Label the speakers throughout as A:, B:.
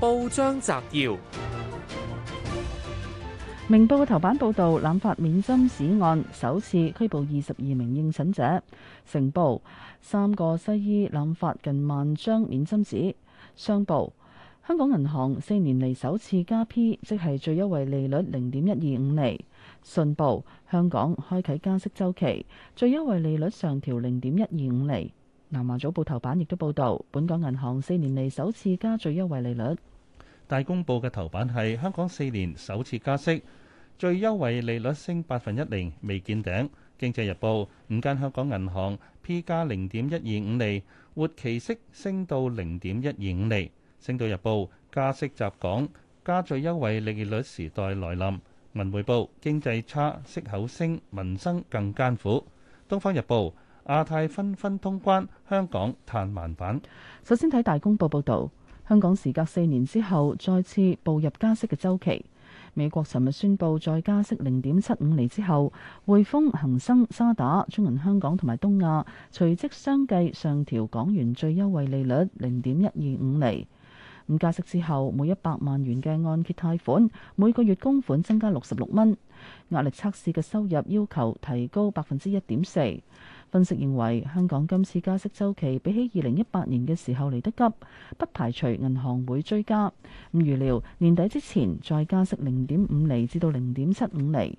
A: 報章摘要：明報嘅頭版報道濫發免針紙案，首次拘捕二十二名應診者。成報三個西醫濫發近萬張免針紙。商報香港銀行四年嚟首次加 P，即係最優惠利率零點一二五厘。信報香港開啟加息周期，最優惠利率上調零點一二五厘。南華早報頭版亦都報道，本港銀行四年嚟首次加最優惠利率。
B: 大公報嘅頭版係香港四年首次加息，最優惠利率升八分一釐，未見頂。經濟日報五間香港銀行 P 加零點一二五釐，活期息升到零點一二五釐。星島日報加息襲港，加最優惠利率時代來臨。文匯報經濟差，息口升，民生更艱苦。東方日報亞太紛紛通關，香港嘆慢板。
A: 首先睇大公報報導。香港時隔四年之後，再次步入加息嘅周期。美國尋日宣布再加息零點七五厘之後，匯豐、恒生、渣打、中銀香港同埋東亞隨即相繼上調港元最優惠利率零點一二五厘。咁加息之後，每一百萬元嘅按揭貸款，每個月供款增加六十六蚊。壓力測試嘅收入要求提高百分之一點四。分析認為，香港今次加息周期比起二零一八年嘅時候嚟得急，不排除銀行會追加。咁預料年底之前再加息零點五厘至到零點七五厘。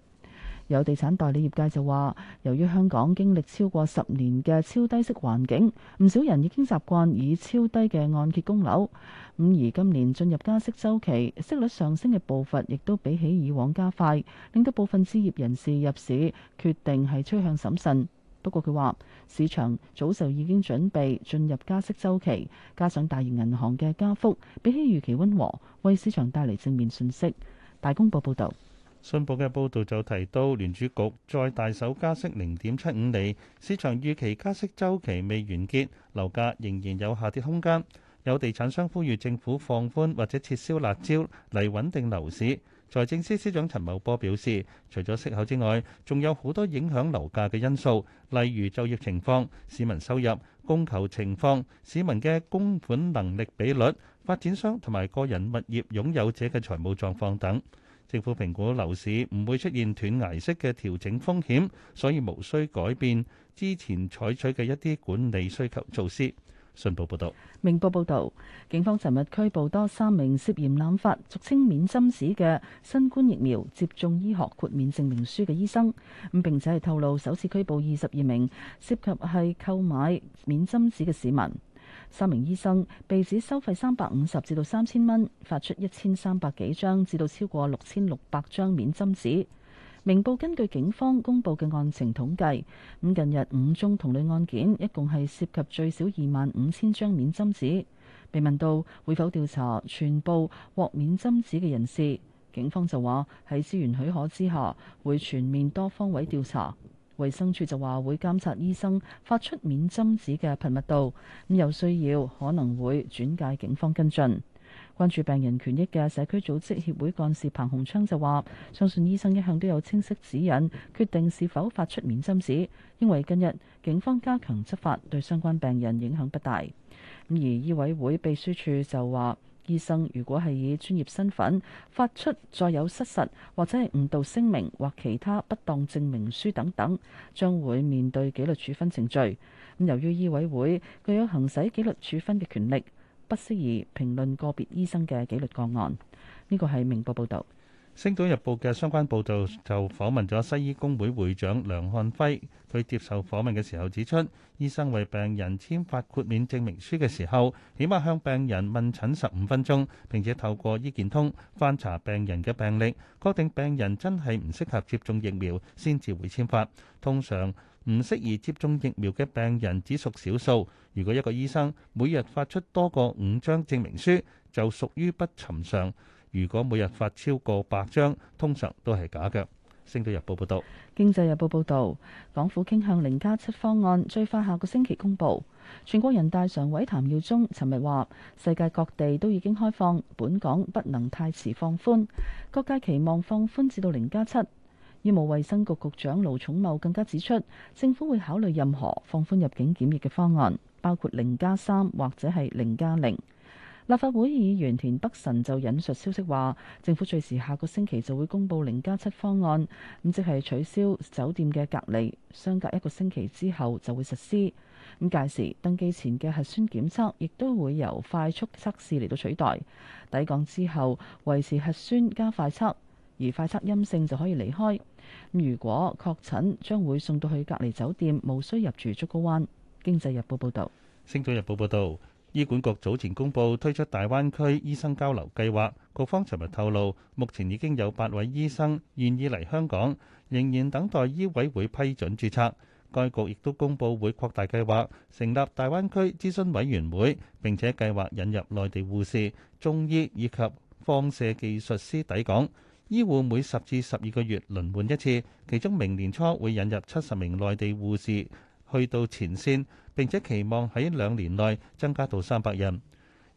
A: 有地產代理業界就話，由於香港經歷超過十年嘅超低息環境，唔少人已經習慣以超低嘅按揭供樓。咁而今年進入加息週期，息率上升嘅步伐亦都比起以往加快，令到部分置業人士入市決定係趨向審慎。不過佢話，市場早就已經準備進入加息周期，加上大型銀行嘅加幅比起預期溫和，為市場帶嚟正面信息。大公報報導，
B: 信報嘅報導就提到聯儲局再大手加息零點七五厘，市場預期加息週期未完結，樓價仍然有下跌空間。有地產商呼籲政府放寬或者撤銷辣招嚟穩定樓市。財政司司長陳茂波表示，除咗息口之外，仲有好多影響樓價嘅因素，例如就業情況、市民收入、供求情況、市民嘅供款能力比率、發展商同埋個人物業擁有者嘅財務狀況等。政府評估樓市唔會出現斷崖式嘅調整風險，所以無需改變之前採取嘅一啲管理需求措施。信報報道，
A: 明報報道，警方尋日拘捕多三名涉嫌濫發俗稱免針紙嘅新冠疫苗接種醫學豁免證明書嘅醫生，咁並且係透露首次拘捕二十二名涉及係購買免針紙嘅市民，三名醫生被指收費三百五十至到三千蚊，發出一千三百幾張至到超過六千六百張免針紙。明報根據警方公佈嘅案情統計，咁近日五宗同類案件，一共係涉及最少二萬五千張免針紙。被問到會否調查全部獲免針紙嘅人士，警方就話喺資源許可之下，會全面多方位調查。衛生署就話會監察醫生發出免針紙嘅頻密度，咁有需要可能會轉介警方跟進。關注病人權益嘅社區組織協會幹事彭洪昌就話：相信醫生一向都有清晰指引，決定是否發出免針紙。因為近日警方加強執法，對相關病人影響不大。咁而醫委會秘書處就話：醫生如果係以專業身份發出再有失實或者係誤導聲明或其他不當證明書等等，將會面對紀律處分程序。咁由於醫委會具有行使紀律處分嘅權力。不適宜評論個別醫生嘅紀律個案。呢個係明報報導。
B: 星島日報嘅相關報道就訪問咗西醫工會會長梁漢輝。佢接受訪問嘅時候指出，醫生為病人簽發豁免證明書嘅時候，起碼向病人問診十五分鐘，並且透過醫健通翻查病人嘅病歷，確定病人真係唔適合接種疫苗先至會簽發。通常。唔適宜接種疫苗嘅病人只屬少數。如果一個醫生每日發出多過五張證明書，就屬於不尋常；如果每日發超過百張，通常都係假嘅。星島日報報道：
A: 「經濟日報報道，港府傾向零加七方案，最快下個星期公布。全國人大常委譚耀宗尋日話：世界各地都已經開放，本港不能太遲放寬。各界期望放寬至到零加七。醫務衛生局局長盧寵茂更加指出，政府會考慮任何放寬入境檢疫嘅方案，包括零加三或者係零加零。立法會議員田北辰就引述消息話，政府最遲下個星期就會公布零加七方案，咁即係取消酒店嘅隔離，相隔一個星期之後就會實施。咁屆時登機前嘅核酸檢測亦都會由快速測試嚟到取代，抵港之後維持核酸加快測。而快測陰性就可以離開。如果確診，將會送到去隔離酒店，無需入住竹篙灣。經濟日報報導，
B: 《星島日報》報導，醫管局早前公布推出大灣區醫生交流計劃。局方尋日透露，目前已經有八位醫生願意嚟香港，仍然等待醫委會批准註冊。該局亦都公佈會擴大計劃，成立大灣區諮詢委員會，並且計劃引入內地護士、中醫以及放射技術師抵港。醫護每十至十二個月輪換一次，其中明年初會引入七十名內地護士去到前線，並且期望喺兩年內增加到三百人。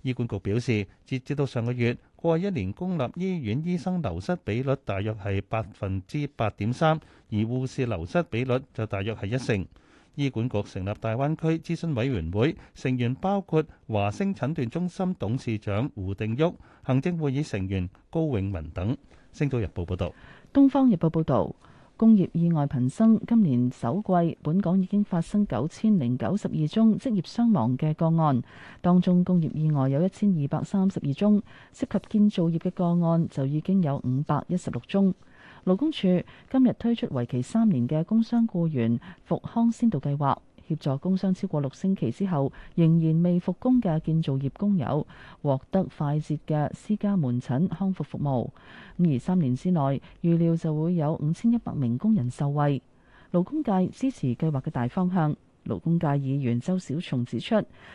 B: 醫管局表示，截至到上個月過一年，公立醫院醫生流失比率大約係百分之八點三，而護士流失比率就大約係一成。醫管局成立大灣區諮詢委員會，成員包括華星診斷中心董事長胡定旭、行政會議成員高永文等。星島日報報道，
A: 東方日報報道，工業意外頻生，今年首季本港已經發生九千零九十二宗職業傷亡嘅個案，當中工業意外有一千二百三十二宗，涉及建造業嘅個案就已經有五百一十六宗。勞工處今日推出為期三年嘅工傷僱員復康先導計劃。協助工傷超過六星期之後仍然未復工嘅建造業工友獲得快捷嘅私家門診康復服務。咁而三年之內，預料就會有五千一百名工人受惠。勞工界支持計劃嘅大方向。勞工界議員周小松指出，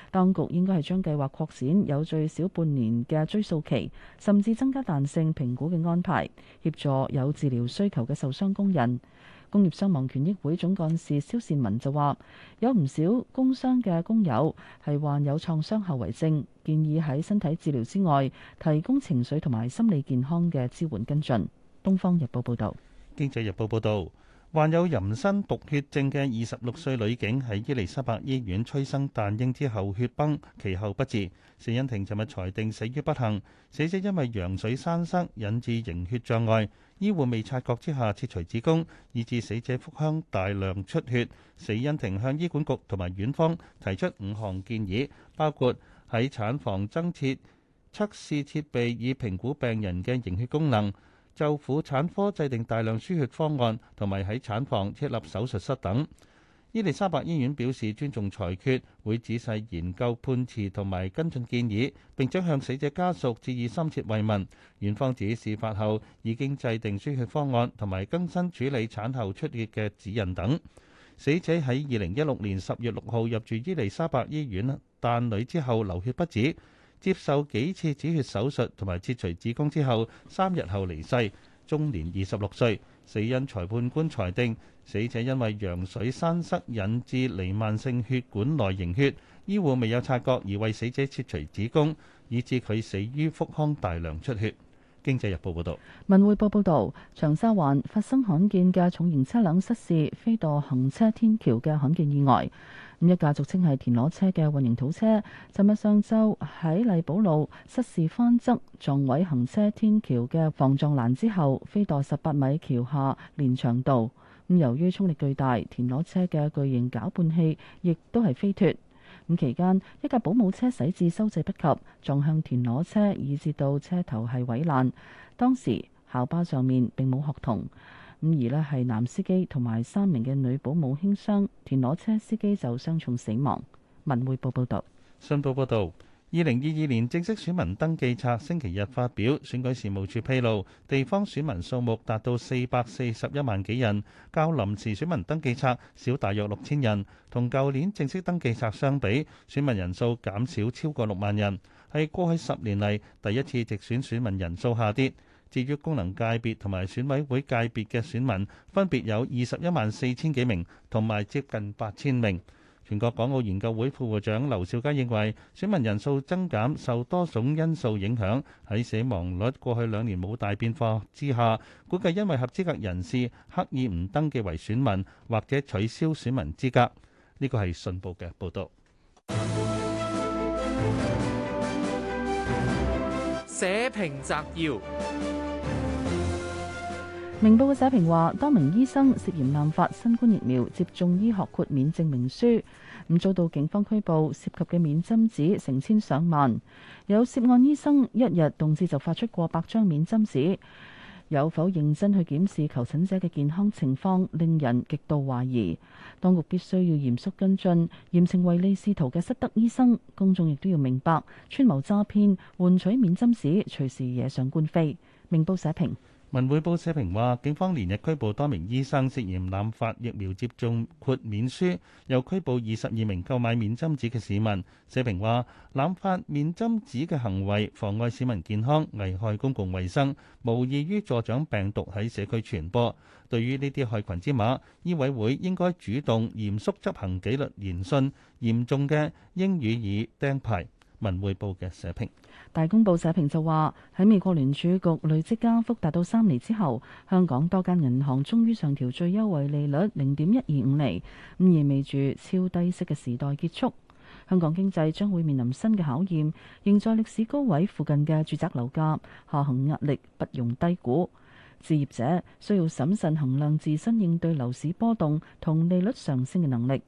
A: 當局應該係將計劃擴展有最少半年嘅追溯期，甚至增加彈性評估嘅安排，協助有治療需求嘅受傷工人。工業傷亡權益會總幹事蕭善文就話，有唔少工傷嘅工友係患有創傷後遺症，建議喺身體治療之外，提供情緒同埋心理健康嘅支援跟進。東方日報報道，
B: 經濟日報報道。患有妊娠毒血症嘅二十六歲女警喺伊利沙伯醫院催生誕嬰之後血崩，其後不治。死因庭尋日裁定死於不幸。死者因為羊水栓塞引致凝血障礙，醫護未察覺之下切除子宮，以致死者腹腔大量出血。死因庭向醫管局同埋院方提出五項建議，包括喺產房增設測試設備以評估病人嘅凝血功能。就婦產科制定大量輸血方案，同埋喺產房設立手術室等。伊利沙伯醫院表示尊重裁決，會仔細研究判詞同埋跟進建議，並將向死者家屬致以深切慰問。院方指事發後已經制定輸血方案，同埋更新處理產後出血嘅指引等。死者喺二零一六年十月六號入住伊利沙伯醫院，誕女之後流血不止。接受幾次止血手術同埋切除子宮之後，三日後離世，終年二十六歲。死因裁判官裁定，死者因為羊水栓塞引致彌漫性血管內凝血，醫護未有察覺而為死者切除子宮，以致佢死於腹腔大量出血。經濟日報報導，
A: 文匯報報導，長沙灣發生罕見嘅重型車輛失事，飛墮行車天橋嘅罕見意外。咁一架俗稱係田螺車嘅混凝土車，尋日上晝喺荔寶路失事翻側，撞毀行車天橋嘅防撞欄之後，飛墮十八米橋下連翔道。咁由於衝力巨大，田螺車嘅巨型攪拌器亦都係飛脱。咁期間，一架保姆車駛至收掣不及，撞向田螺車，以致到車頭係毀爛。當時校巴上面並冇學童。咁而呢，係男司機同埋三名嘅女保姆輕傷，田螺車司機就傷重死亡。文匯報報道，
B: 新報報導，二零二二年正式選民登記冊星期日發表，選舉事務處披露，地方選民數目達到四百四十一萬幾人，較臨時選民登記冊少大約六千人，同舊年正式登記冊相比，選民人數減少超過六萬人，係過去十年嚟，第一次直選選民人數下跌。至於功能界別同埋選委會界別嘅選民，分別有二十一萬四千幾名同埋接近八千名。全國港澳研究會副會長劉兆佳認為，選民人數增減受多種因素影響。喺死亡率過去兩年冇大變化之下，估計因為合資格人士刻意唔登記為選民或者取消選民資格。呢個係信報嘅報導。社評摘要：
A: 明報嘅社評話，多名醫生涉嫌濫發新冠疫苗接種醫學豁免證明書，咁遭到警方拘捕，涉及嘅免針紙成千上萬，有涉案醫生一日動輒就發出過百張免針紙。有否認真去檢視求診者嘅健康情況，令人極度懷疑。當局必須要嚴肅跟進，嚴懲為利是圖嘅失德醫生。公眾亦都要明白，串謀詐騙換取免針紙，隨時惹上官非。明報社評。
B: 文匯報社評話，警方連日拘捕多名醫生涉嫌濫發疫苗接種豁免書，又拘捕二十二名購買免針紙嘅市民。社評話，濫發免針紙嘅行為妨礙市民健康，危害公共衛生，無異於助長病毒喺社區傳播。對於呢啲害群之馬，醫委會應該主動嚴肅執行紀律研訊，嚴重嘅應予以釘牌。文匯報嘅社評，
A: 大公報社評就話喺美國聯儲局累積加幅達到三厘之後，香港多間銀行終於上調最優惠利率零點一二五厘，咁意味住超低息嘅時代結束，香港經濟將會面臨新嘅考驗，仍在歷史高位附近嘅住宅樓價下行壓力不容低估，置業者需要審慎衡量自身應對樓市波動同利率上升嘅能力。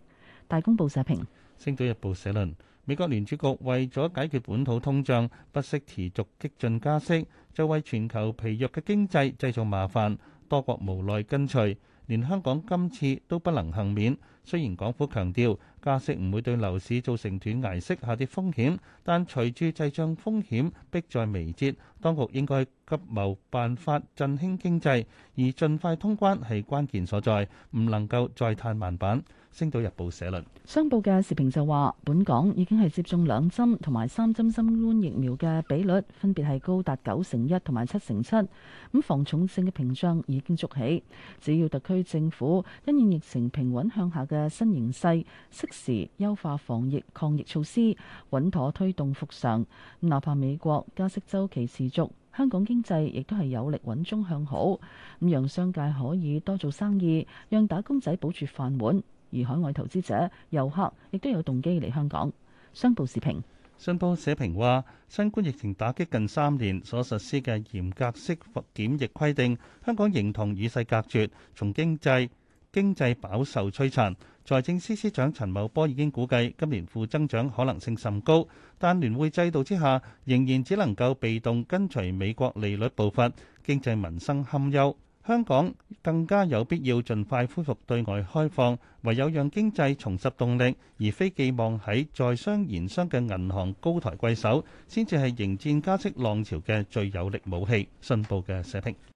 A: 大公報社評，
B: 星島日報社論。美國聯儲局為咗解決本土通脹，不惜持續激進加息，就為全球疲弱嘅經濟製造麻煩，多國無奈跟隨，連香港今次都不能幸免。雖然港府強調加息唔會對樓市造成斷崖式下跌風險，但隨住滯脹風險迫在眉睫，當局應該急謀辦法振興經濟，而盡快通關係關鍵所在，唔能夠再嘆慢板。星島日報社論。
A: 商報嘅時評就話：本港已經係接種兩針同埋三針新冠疫苗嘅比率分別係高達九成一同埋七成七，咁防重症嘅屏障已經築起，只要特區政府因應疫情平穩向下嘅嘅新形勢適時優化防疫抗疫措施，穩妥推動復常。哪怕美國加息周期持續，香港經濟亦都係有力穩中向好。咁，讓商界可以多做生意，讓打工仔保住飯碗。而海外投資者、遊客亦都有動機嚟香港。商報時評，
B: 商報社評話新冠疫情打擊近三年所實施嘅嚴格式檢疫規定，香港形同與世隔絕從經濟。經濟飽受摧殘，財政司司長陳茂波已經估計今年負增長可能性甚高，但聯匯制度之下，仍然只能夠被動跟隨美國利率步伐，經濟民生堪憂。香港更加有必要盡快恢復對外開放，唯有讓經濟重拾動力，而非寄望喺在，在商言商嘅銀行高抬貴手，先至係迎戰加息浪潮嘅最有力武器。信報嘅社評。